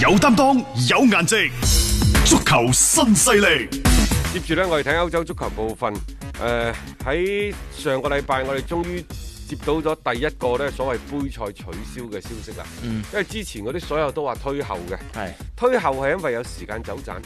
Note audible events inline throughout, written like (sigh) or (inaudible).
有擔當，有顏值，足球新勢力。接住咧，我哋睇歐洲足球部分。誒、呃，喺上個禮拜，我哋終於接到咗第一個咧所謂杯賽取消嘅消息啦。嗯。因為之前嗰啲所有都話推後嘅。係是。推後係因為有時間走盞，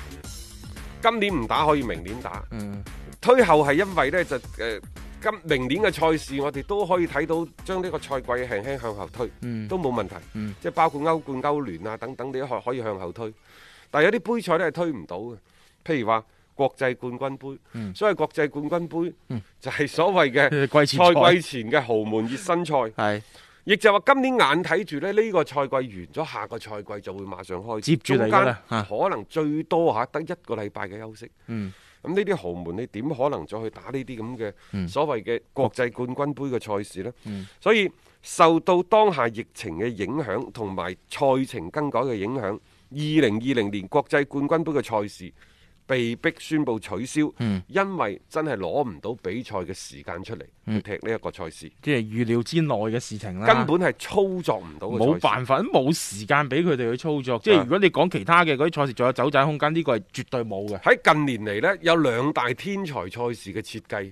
今年唔打可以明年打。嗯。推後係因為咧就誒。呃今明年嘅賽事，我哋都可以睇到將呢個賽季輕輕向後推，都冇問題。即係包括歐冠、歐聯啊等等，你都可可以向後推。但係有啲杯賽都係推唔到嘅，譬如話國際冠軍杯。所謂國際冠軍杯就係所謂嘅賽季前嘅豪門熱身賽，係。亦就話今年眼睇住咧呢個賽季完咗，下個賽季就會馬上開始接住嚟㗎啦。可能最多嚇得一個禮拜嘅休息。咁呢啲豪門，你點可能再去打呢啲咁嘅所謂嘅國際冠軍杯嘅賽事呢？嗯，所以受到當下疫情嘅影響同埋賽程更改嘅影響，二零二零年國際冠軍杯嘅賽事被迫宣布取消，因為真係攞唔到比賽嘅時間出嚟，嗯、去踢呢一個賽事，即係預料之內嘅事情啦。根本係操作唔到嘅，冇辦法，冇時間俾佢哋去操作。啊、即係如果你講其他嘅嗰啲賽事，仲有走盞空間，呢、呢個係絕對冇嘅。喺近年嚟咧，有兩大天才賽事嘅設計，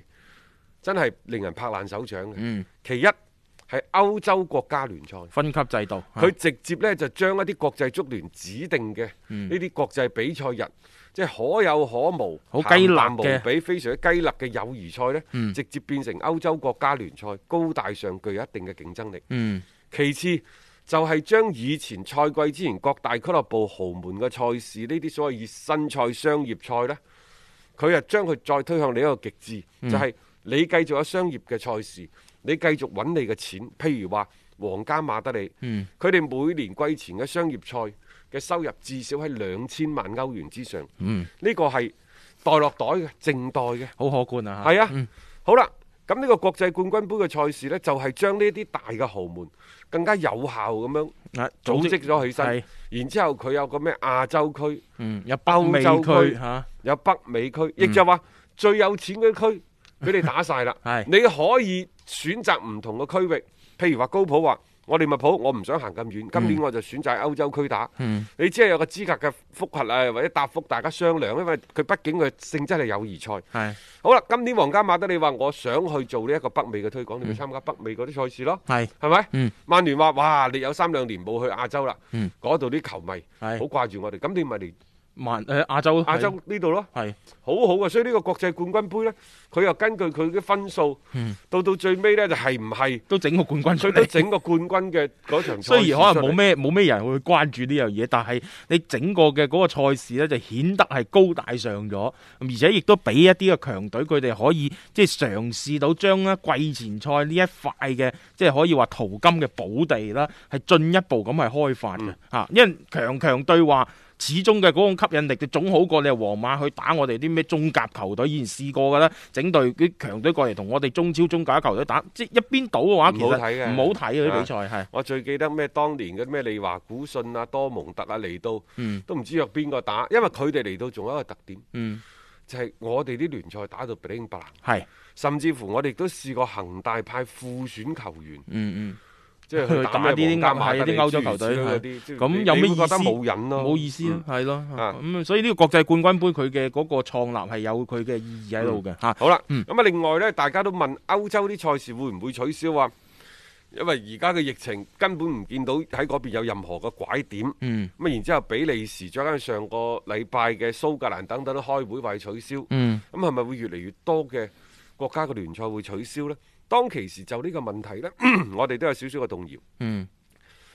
真係令人拍爛手掌嘅。嗯，其一係歐洲國家聯賽分級制度，佢、啊、直接咧就將一啲國際足聯指定嘅呢啲國際比賽日。嗯嗯嗯即係可有可無、雞肋無比、非常之雞肋嘅友誼賽呢，嗯、直接變成歐洲國家聯賽，高大上具有一定嘅競爭力。嗯、其次就係、是、將以前賽季之前各大俱樂部豪門嘅賽事，呢啲所謂熱身賽、商業賽呢，佢啊將佢再推向另一個極致，嗯、就係你繼續有商業嘅賽事，你繼續揾你嘅錢。譬如話皇家馬德里，佢哋、嗯、每年季前嘅商業賽。嘅收入至少喺兩千萬歐元之上，呢、嗯、個係袋落袋嘅，正代嘅，好可觀啊！嚇，係啊，嗯、好啦，咁呢個國際冠軍杯嘅賽事呢，就係將呢啲大嘅豪門更加有效咁樣組織咗起身，然之後佢有個咩亞洲區，有歐洲區，有北美區，亦就話最有錢嘅區，佢哋打晒啦， (laughs) 是你可以選擇唔同嘅區域，譬如話高普話。我哋利物浦，我唔想行咁遠。今年我就選擇喺歐洲區打。嗯、你只係有個資格嘅複合啊，或者答覆大家商量，因為佢畢竟佢性質係友誼賽。係是。好啦，今年皇家馬德里話我想去做呢一個北美嘅推廣，嗯、你去參加北美嗰啲賽事咯。係。係咪？曼聯話：哇！你有三兩年冇去亞洲啦。嗰度啲球迷好掛住我哋。咁你咪嚟。萬亞洲亞洲呢度咯，係是好好、啊、嘅，所以呢個國際冠軍杯呢，佢又根據佢嘅分數，到、嗯、到最尾呢，就係唔係都整個冠軍，所以都整個冠軍嘅嗰場賽。雖然可能冇咩冇咩人會關注呢樣嘢，但係你整個嘅嗰個賽事呢，就顯得係高大上咗，而且亦都俾一啲嘅強隊佢哋可以即係、就是、嘗試到將啦季前賽呢一塊嘅即係可以話淘金嘅寶地啦，係進一步咁去開發嘅嚇，嗯、因為強強對話。始終嘅嗰種吸引力就總好過你係皇馬去打我哋啲咩中甲球隊，以前試過噶啦，整隊啲強隊過嚟同我哋中超中甲球隊打，即一邊倒嘅話，唔好睇嘅，其實唔好睇嘅啲比賽係。的的我最記得咩當年嘅咩利華古遜啊、多蒙特啊嚟到，嗯、都唔知約邊個打，因為佢哋嚟到仲有一個特點，嗯、就係我哋啲聯賽打到 b l i n 甚至乎我哋都試過恒大派副選球員。嗯嗯即係打啲夾埋啲歐洲球隊，啲。咁有咩覺得冇癮咯？冇意思係咯，咁所以呢個國際冠軍杯佢嘅嗰個創立係有佢嘅意義喺度嘅嚇。好啦，咁啊，另外咧，大家都問歐洲啲賽事會唔會取消啊？因為而家嘅疫情根本唔見到喺嗰邊有任何嘅拐點。咁然之後比利時，再加上上個禮拜嘅蘇格蘭等等都開會話取消。咁係咪會越嚟越多嘅國家嘅聯賽會取消咧？當其時就呢個問題呢，我哋都有少少嘅動搖。嗯，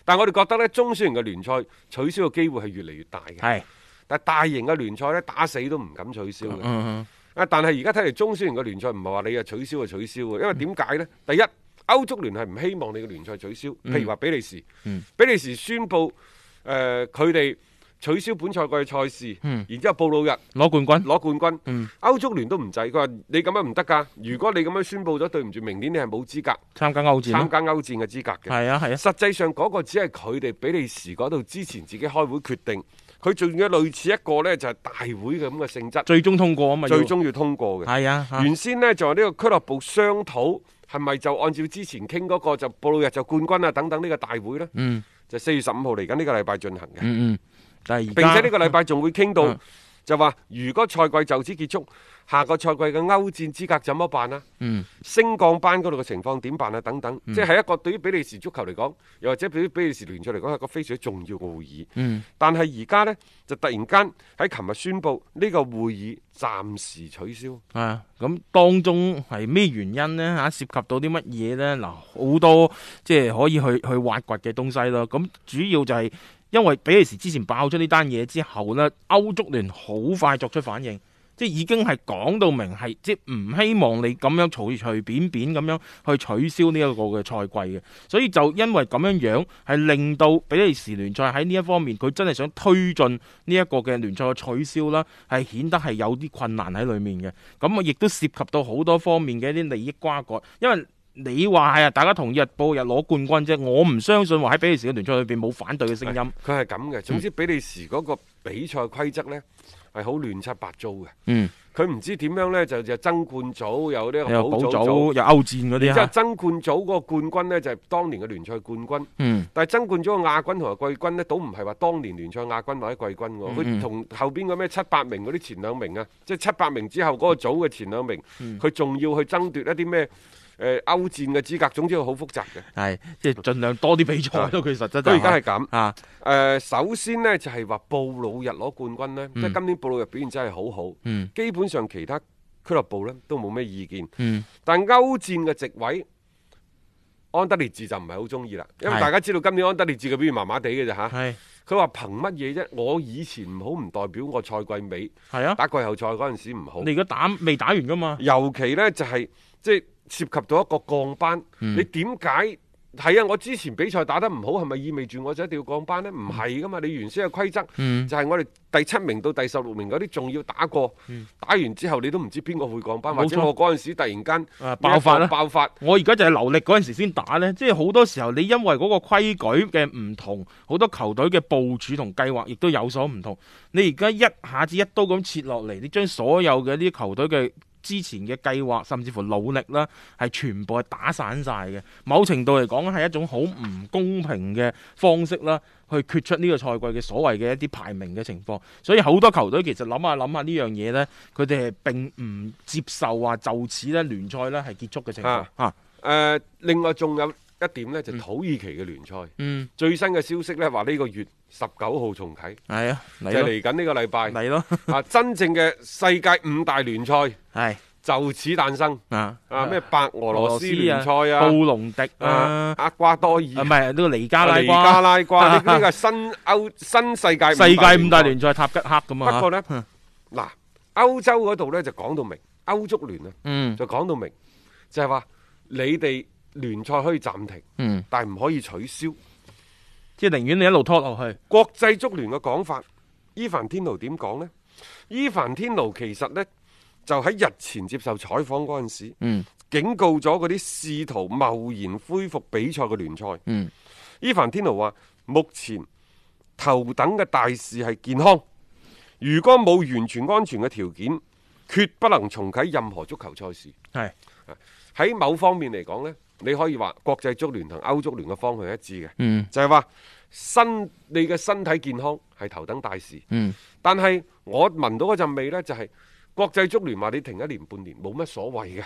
但係我哋覺得呢，中小型嘅聯賽取消嘅機會係越嚟越大嘅。係，但係大型嘅聯賽呢，打死都唔敢取消嘅。嗯嗯嗯、但係而家睇嚟，中小型嘅聯賽唔係話你啊取消就取消嘅，因為點解呢？嗯、第一，歐足聯係唔希望你嘅聯賽取消。譬如話比利時，嗯嗯、比利時宣布誒，佢、呃、哋。取消本賽季嘅賽事，嗯、然之後布魯日攞冠軍，攞冠軍。歐足、嗯、聯都唔制，佢話你咁樣唔得噶。如果你咁樣宣布咗，對唔住，明年你係冇資格參加歐戰。參加歐戰嘅資格嘅。係啊、嗯嗯、實際上嗰個只係佢哋比利時嗰度之前自己開會決定，佢仲要類似一個呢，就係大會嘅咁嘅性質，嗯、最終通過啊嘛，最終要通過嘅。係啊、嗯。嗯、原先呢，就係、是、呢個俱樂部商討係咪就按照之前傾嗰、嗰個就布魯日就冠軍啊等等呢個大會呢？嗯、就四月十五號嚟緊呢個禮拜進行嘅、嗯。嗯。嗯嗯、並且呢個禮拜仲會傾到，就話如果賽季就此結束，下個賽季嘅歐戰資格怎麼辦啊？嗯，升降班嗰度嘅情況點辦啊？等等，嗯、即係一個對於比利時足球嚟講，又或者對於比利時聯賽嚟講，係一個非常重要嘅會議。嗯，但係而家呢，就突然間喺琴日宣布呢、這個會議暫時取消。啊、嗯，咁當中係咩原因呢？吓，涉及到啲乜嘢呢？嗱，好多即係可以去去挖掘嘅東西咯。咁主要就係、是。因為比利時之前爆出呢單嘢之後咧，歐足聯好快作出反應，即係已經係講到明係，即唔希望你咁樣隨隨便便咁樣去取消呢一個嘅賽季嘅，所以就因為咁樣樣係令到比利時聯賽喺呢一方面，佢真係想推進呢一個嘅聯賽嘅取消啦，係顯得係有啲困難喺裏面嘅，咁啊亦都涉及到好多方面嘅一啲利益瓜葛，因為。你話係啊，大家同意日報日攞冠軍啫。我唔相信話喺比利時嘅聯賽裏邊冇反對嘅聲音。佢係咁嘅，總之比利時嗰個比賽規則呢，係好亂七八糟嘅。嗯，佢唔知點樣呢，就就爭冠組有啲保組又歐戰嗰啲。然之後爭冠組嗰個冠軍呢，就係當年嘅聯賽冠軍。嗯、但係爭冠組嘅亞軍同埋季軍呢，都唔係話當年聯賽亞軍或者季軍。佢同、嗯、後邊嘅咩七八名嗰啲前兩名啊，即、就、係、是、七八名之後嗰個組嘅前兩名，佢仲、嗯、要去爭奪一啲咩？誒，歐戰嘅資格，總之好複雜嘅，係即係盡量多啲比賽咯。佢實質佢而家係咁啊。誒，首先呢，就係話布魯日攞冠軍呢，即係今年布魯日表現真係好好。基本上其他俱樂部呢都冇咩意見。但係歐戰嘅席位，安德烈治就唔係好中意啦，因為大家知道今年安德烈治嘅表現麻麻地嘅咋吓。佢話憑乜嘢啫？我以前唔好唔代表我賽季尾係啊打季後賽嗰陣時唔好。你而家打未打完噶嘛？尤其呢，就係即係。涉及到一個降班，嗯、你點解係啊？我之前比賽打得唔好，係咪意味住我就一定要降班呢？唔係㗎嘛，你原先嘅規則就係我哋第七名到第十六名嗰啲仲要打過，嗯、打完之後你都唔知邊個會降班，錯或者我嗰陣時突然間、啊、爆發爆發！我而家就係留力嗰陣時先打呢。即係好多時候你因為嗰個規矩嘅唔同，好多球隊嘅部署同計劃亦都有所唔同。你而家一下子一刀咁切落嚟，你將所有嘅啲球隊嘅。之前嘅計劃甚至乎努力啦，係全部係打散晒嘅。某程度嚟講，係一種好唔公平嘅方式啦，去決出呢個賽季嘅所謂嘅一啲排名嘅情況。所以好多球隊其實諗下諗下呢樣嘢呢，佢哋係並唔接受話就此咧聯賽咧係結束嘅情況。啊，誒，呃，另外仲有。一點咧就土耳其嘅聯賽，最新嘅消息咧話呢個月十九號重啟，係啊，就嚟緊呢個禮拜嚟咯，啊，真正嘅世界五大聯賽係就此誕生啊，啊咩白俄羅斯聯賽啊，布隆迪啊，厄瓜多爾唔係呢個尼加拉瓜，呢個新歐新世界世界五大聯賽塔吉克咁啊，不過咧，嗱，歐洲嗰度咧就講到明歐足聯啊，就講到明就係話你哋。聯賽可以暫停，嗯、但係唔可以取消，即係寧願你一路拖落去。國際足聯嘅講法，伊凡天奴點講呢？伊凡天奴其實呢，就喺日前接受採訪嗰陣時，嗯、警告咗嗰啲試圖貿然恢復比賽嘅聯賽。嗯、伊凡天奴話：目前頭等嘅大事係健康，如果冇完全安全嘅條件，決不能重啟任何足球賽事。係喺、嗯、是某方面嚟講呢。你可以話國際足聯同歐足聯嘅方向一致嘅，嗯、就係話身你嘅身體健康係頭等大事。嗯，但係我聞到嗰陣味呢，就係國際足聯話你停一年半年冇乜所謂嘅，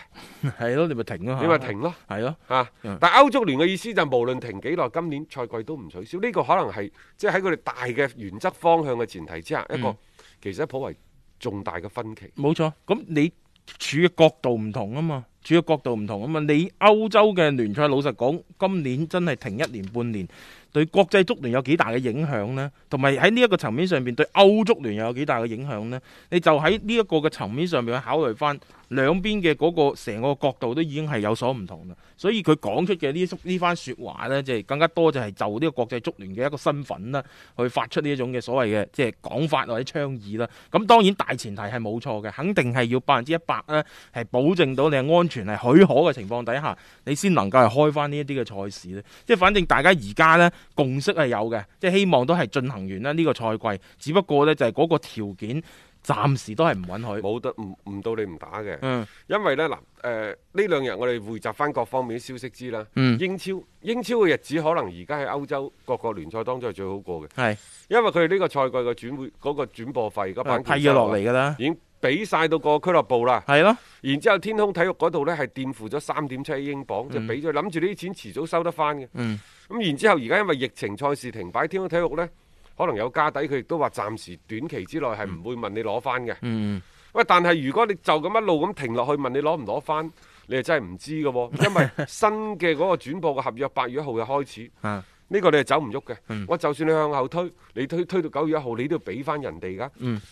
係咯，你咪停咯，你咪停咯，係咯嚇。但係歐足聯嘅意思就無論停幾耐，今年賽季都唔取消。呢、呢個可能係即係喺佢哋大嘅原則方向嘅前提之下，嗯、一個其實係頗為重大嘅分歧。冇錯，咁你。處嘅角度唔同啊嘛，處嘅角度唔同啊嘛，你歐洲嘅聯賽老實講，今年真係停一年半年，對國際足聯有幾大嘅影響呢？同埋喺呢一個層面上面，對歐足聯又有幾大嘅影響呢？你就喺呢一個嘅層面上面去考慮翻。兩邊嘅嗰個成個角度都已經係有所唔同啦，所以佢講出嘅呢呢番説話呢，即係更加多就係就呢個國際足聯嘅一個身份啦，去發出呢一種嘅所謂嘅即係講法或者倡議啦。咁當然大前提係冇錯嘅，肯定係要百分之一百呢係保證到你嘅安全係許可嘅情況底下，你先能夠係開翻呢一啲嘅賽事咧。即係反正大家而家呢，共識係有嘅，即係希望都係進行完啦呢個賽季，只不過呢就係嗰個條件。暫時都係唔允許，冇得唔唔到你唔打嘅。嗯，因為咧嗱，誒、呃、呢兩日我哋匯集翻各方面消息知啦。嗯，英，英超英超嘅日子可能而家喺歐洲各個聯賽當中係最好過嘅。係，是 因為佢哋呢個賽季嘅轉會、嗰個轉播費嗰筆係嘢落嚟嘅啦，已經俾晒到個俱樂部啦。係咯，然之後天空體育嗰度咧係墊付咗三點七億英鎊，嗯、就俾咗諗住呢啲錢遲早收得翻嘅。嗯，咁然之後而家因為疫情賽事停擺，天空體育咧。可能有家底，佢亦都話暫時短期之內係唔會問你攞翻嘅。嗯，喂，但係如果你就咁一路咁停落去問你攞唔攞翻，你就真係唔知㗎喎，因為新嘅嗰個轉播嘅合約八月一號嘅開始。啊。呢個你係走唔喐嘅，我就算你向後推，你推推到九月一號，你都要俾翻人哋噶，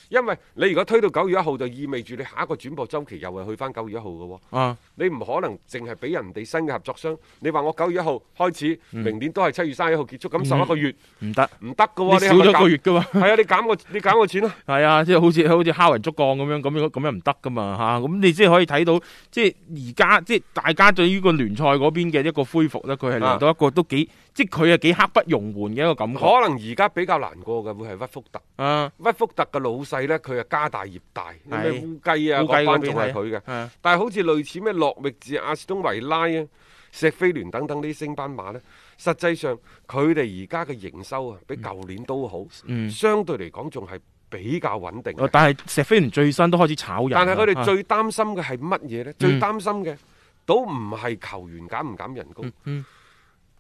因為你如果推到九月一號，就意味住你下一個轉播週期又係去翻九月一號嘅喎，你唔可能淨係俾人哋新嘅合作商。你話我九月一號開始，明年都係七月三十一號結束，咁十一個月唔得，唔得嘅喎，你少咗一個月嘅嘛，係啊，你減個你減個錢咯，係啊，即係好似好似敲人竹槓咁樣，咁樣咁樣唔得嘅嘛嚇，咁你即係可以睇到，即係而家即係大家對於個聯賽嗰邊嘅一個恢復咧，佢係嚟到一個都幾。即係佢係，幾刻不容緩嘅一個感覺。可能而家比較難過嘅會係屈福特。啊，屈福特嘅老細咧，佢係家大業大，咩、啊、烏雞啊，烏雞各班仲係佢嘅。啊、但係好似類似咩諾域治、阿斯東維拉啊、錫菲聯等等班呢啲升班馬咧，實際上佢哋而家嘅營收啊，比舊年都好，嗯嗯、相對嚟講仲係比較穩定、嗯嗯嗯。但係錫菲聯最新都開始炒人。但係佢哋最擔心嘅係乜嘢咧？最擔心嘅都唔係球員減唔減人工，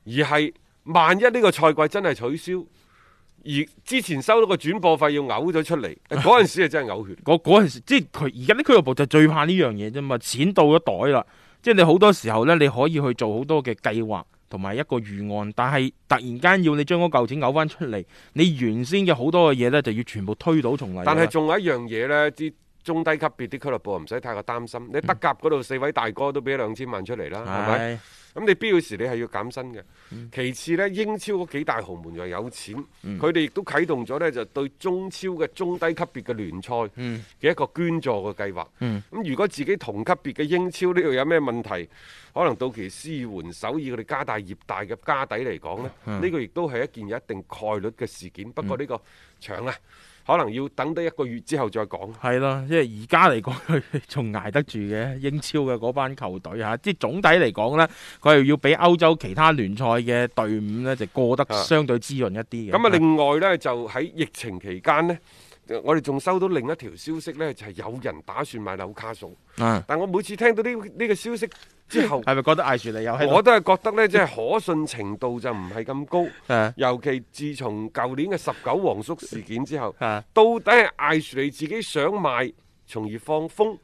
而係。萬一呢個賽季真係取消，而之前收到個轉播費要嘔咗出嚟，嗰陣時啊真係嘔血。嗰陣 (laughs) 時，即係佢而家啲俱樂部就最怕呢樣嘢啫嘛，錢到咗袋啦，即係你好多時候呢，你可以去做好多嘅計劃同埋一個預案，但係突然間要你將嗰嚿錢嘔翻出嚟，你原先嘅好多嘅嘢呢，就要全部推倒重嚟。但係仲有一樣嘢呢。中低級別啲俱樂部唔使太過擔心，你德甲嗰度四位大哥都俾咗兩千萬出嚟啦，係咪、嗯？咁你必要時你係要減薪嘅。嗯、其次呢，英超嗰幾大豪門又有錢，佢哋亦都啟動咗呢，就對中超嘅中低級別嘅聯賽嘅一個捐助嘅計劃。咁、嗯嗯、如果自己同級別嘅英超呢度有咩問題，可能到期施援手以佢哋家大業大嘅家底嚟講呢，呢、嗯、個亦都係一件有一定概率嘅事件。嗯、不過呢、呢個搶啊！可能要等得一個月之後再講。係咯，因為而家嚟講，佢仲捱得住嘅英超嘅嗰班球隊嚇。即、啊、係總體嚟講呢，佢又要比歐洲其他聯賽嘅隊伍呢，就過得相對滋潤一啲嘅。咁啊，另外呢，就喺疫情期間呢。我哋仲收到另一條消息呢，就係、是、有人打算買紐卡素。啊、但我每次聽到呢呢、這個消息之後，係咪覺得艾殊利有？我都係覺得呢，即、就、係、是、可信程度就唔係咁高。啊、尤其自從舊年嘅十九皇叔事件之後，啊、到底艾殊利自己想賣？從而放風，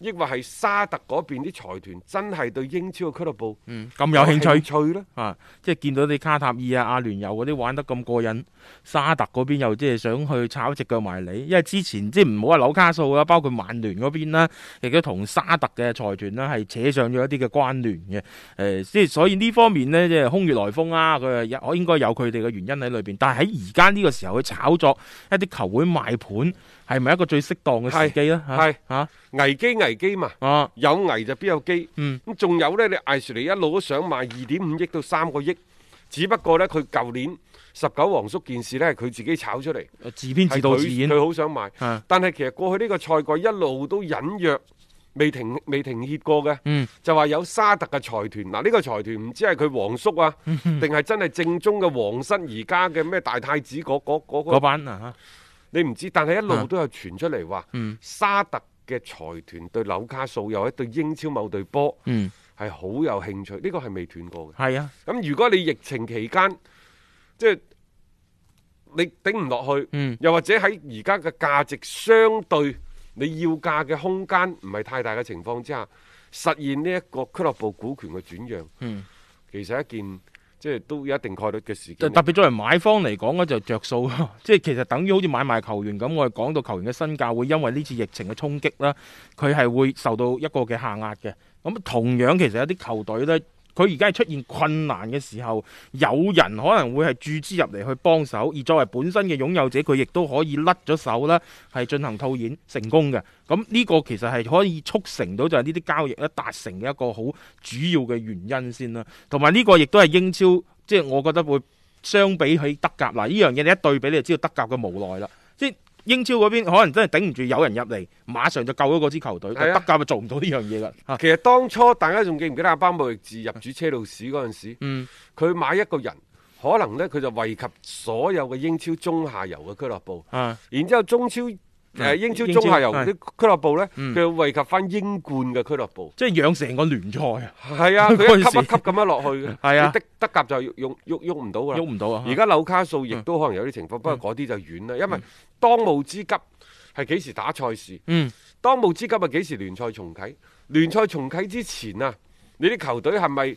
抑或係沙特嗰邊啲財團真係對英超嘅俱樂部咁、嗯、有興趣咧、啊？啊，即係見到啲卡塔爾啊、阿聯酋嗰啲玩得咁過癮，沙特嗰邊又即係想去炒隻腳埋你，因為之前即係唔好話紐卡素啦，包括曼聯嗰邊啦，亦都同沙特嘅財團啦係扯上咗一啲嘅關聯嘅。誒、呃，即係所以呢方面呢，即係空穴來風啊，佢有應該有佢哋嘅原因喺裏邊。但係喺而家呢個時候去炒作一啲球會賣盤。係咪一個最適當嘅時機咧？係吓、啊、危機危機嘛，哦、啊、有危就必有機，嗯，咁仲有咧，你艾樹嚟一路都想賣二點五億到三個億，只不過咧佢舊年十九皇叔件事咧，佢自己炒出嚟，自編自導自演，佢好想賣，啊、但係其實過去呢個賽季一路都隱約未停未停歇過嘅，嗯就話有沙特嘅財團，嗱呢個財團唔知係佢皇叔啊，定、這、係、個啊、 (laughs) 真係正宗嘅皇室而家嘅咩大太子嗰、嗰個嗰個嗰個、班啊吓。你唔知，但係一路都有傳出嚟話，啊嗯、沙特嘅財團對紐卡素又一對英超某隊波，係好、嗯、有興趣。呢個係未斷過嘅。係啊，咁如果你疫情期間，即、就、係、是、你頂唔落去，嗯、又或者喺而家嘅價值相對你要價嘅空間唔係太大嘅情況之下，實現呢一個俱樂部股權嘅轉讓，嗯、其實一件。即係都有一定概率嘅時間，特別作為買方嚟講咧，就着數咯。即係其實等於好似買賣球員咁，我哋講到球員嘅身價會因為呢次疫情嘅衝擊啦，佢係會受到一個嘅下壓嘅。咁同樣其實有啲球隊呢。佢而家係出現困難嘅時候，有人可能會係注資入嚟去幫手，而作為本身嘅擁有者，佢亦都可以甩咗手啦，係進行套現成功嘅。咁呢個其實係可以促成到就係呢啲交易咧達成嘅一個好主要嘅原因先啦。同埋呢個亦都係英超，即係我覺得會相比起德甲，嗱呢樣嘢你一對比你就知道德甲嘅無奈啦。英超嗰邊可能真係頂唔住有人入嚟，馬上就救咗嗰支球隊，啊、就德甲咪做唔到呢樣嘢啦。其實當初大家仲記唔記得阿班布力治入主車路士嗰陣時，佢、嗯、買一個人，可能呢，佢就惠及所有嘅英超中下游嘅俱樂部。啊、然之後中超。誒，英超中下游啲俱樂部咧，佢要惠及翻英冠嘅俱樂部，即係養成個聯賽啊！係 (laughs) 啊，佢一級一級咁樣落去嘅。係啊，德德甲就喐喐喐唔到噶，喐唔到啊！而家紐卡素亦都可能有啲情況，嗯、不過嗰啲就遠啦。因為當務之急係幾時打賽事？嗯，當務之急係幾時聯賽重啟？聯賽重啟之前啊，你啲球隊係咪？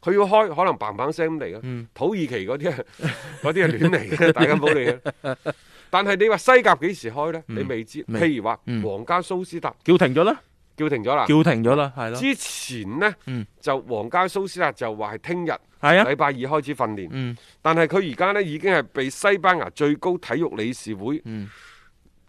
佢要開可能砰砰聲咁嚟嘅，土耳其嗰啲啊，嗰啲啊亂嚟嘅，大家冇理嘅，但係你話西甲幾時開呢？你未知，譬如話皇家蘇斯達叫停咗啦，叫停咗啦，叫停咗啦，係咯。之前呢，就皇家蘇斯達就話係聽日禮拜二開始訓練，但係佢而家呢已經係被西班牙最高體育理事會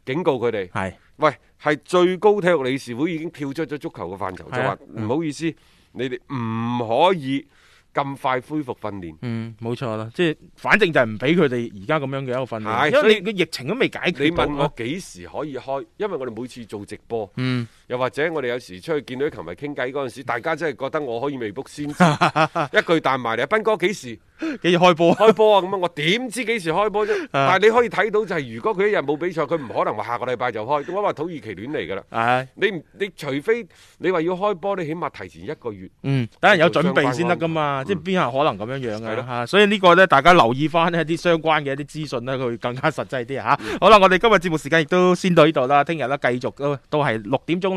警告佢哋，係喂係最高體育理事會已經跳出咗足球嘅範疇，就話唔好意思。你哋唔可以咁快恢復訓練。嗯，冇錯啦，即係反正就係唔俾佢哋而家咁樣嘅一個訓練。的因為你個疫情都未解決到。你問我幾時可以開？啊、因為我哋每次做直播。嗯。又或者我哋有時出去見到啲球迷傾偈嗰陣時，大家真係覺得我可以未卜先知，一句帶埋嚟啊！斌哥幾時幾時開波開波啊？咁啊，我點知幾時開波啫？但係你可以睇到就係，如果佢一日冇比賽，佢唔可能話下個禮拜就開。我話土耳其亂嚟㗎啦，你唔你除非你話要開波，你起碼提前一個月，嗯，等人有準備先得㗎嘛？即係邊有可能咁樣樣㗎嚇？所以呢個咧，大家留意翻一啲相關嘅一啲資訊咧，佢會更加實際啲嚇。好啦，我哋今日節目時間亦都先到呢度啦，聽日啦繼續都都係六點鐘。